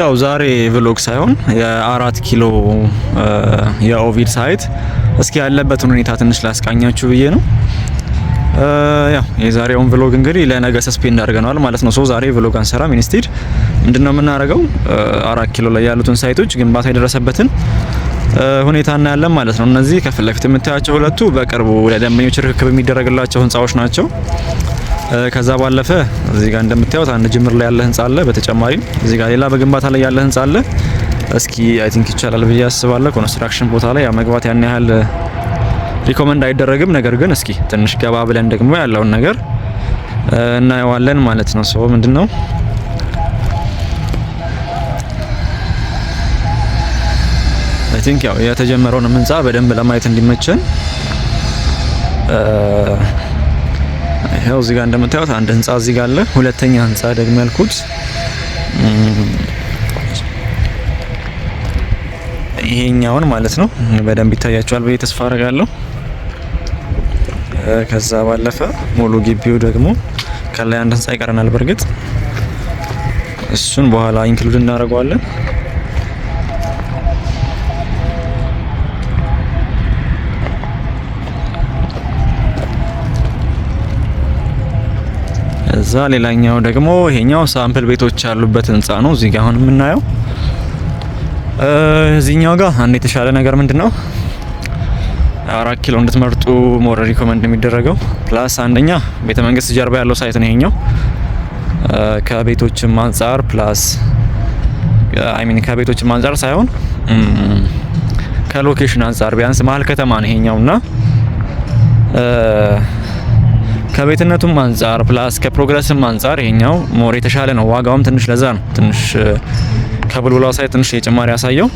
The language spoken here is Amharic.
ያው ዛሬ ቭሎግ ሳይሆን የአራት ኪሎ የኦቪድ ሳይት እስኪ ያለበትን ሁኔታ ትንሽ ላስቃኛችሁ ብዬ ነው። ያው የዛሬውን ቭሎግ እንግዲህ ለነገ ሰስፔንድ አድርገነዋል ማለት ነው። ሶ ዛሬ ቭሎግ አንሰራ ሚኒስቴድ ምንድነው የምናደርገው? አራት ኪሎ ላይ ያሉትን ሳይቶች ግንባታ የደረሰበትን ሁኔታ እናያለን ማለት ነው። እነዚህ ከፊት ለፊት የምታያቸው ሁለቱ በቅርቡ ለደንበኞች ርክክብ የሚደረግላቸው ህንፃዎች ናቸው። ከዛ ባለፈ እዚህ ጋር እንደምታዩት አንድ ጅምር ላይ ያለ ህንጻ አለ። በተጨማሪም እዚህ ጋር ሌላ በግንባታ ላይ ያለ ህንጻ አለ። እስኪ አይ ቲንክ ይቻላል ብዬ አስባለሁ። ኮንስትራክሽን ቦታ ላይ መግባት ያን ያህል ሪኮመንድ አይደረግም። ነገር ግን እስኪ ትንሽ ገባ ብለን ደግሞ ያለውን ነገር እናየዋለን ማለት ነው። ሰው ምንድነው አይ ቲንክ ያው የተጀመረውን ህንጻ በደንብ ለማየት እንዲመቸን ያው እዚህ ጋር እንደምታዩት አንድ ህንጻ እዚህ ጋር አለ። ሁለተኛ ህንጻ ደግሞ ያልኩት ይሄኛውን ማለት ነው። በደንብ ይታያቸዋል ብዬ ተስፋ አደርጋለሁ። ከዛ ባለፈ ሙሉ ግቢው ደግሞ ከላይ አንድ ህንጻ ይቀረናል። በእርግጥ እሱን በኋላ ኢንክሉድ እናደርገዋለን። እዛ ሌላኛው ደግሞ ይሄኛው ሳምፕል ቤቶች ያሉበት ህንጻ ነው። እዚህ ጋር አሁን የምናየው እዚህኛው ጋር አንድ የተሻለ ነገር ምንድን ነው አራት ኪሎ እንድትመርጡ ሞር ሪኮመንድ የሚደረገው ፕላስ አንደኛ ቤተ መንግስት ጀርባ ያለው ሳይት ነው ይሄኛው ከቤቶችም አንጻር ፕላስ ሚን ከቤቶችም አንጻር ሳይሆን ከሎኬሽን አንጻር ቢያንስ መሀል ከተማ ነው ይሄኛውና ከቤትነቱም አንጻር ፕላስ ከፕሮግረስም አንጻር ይሄኛው ሞር የተሻለ ነው። ዋጋውም ትንሽ ለዛ ነው ትንሽ ከብልብላው ሳይ ትንሽ የጭማሪ ያሳየው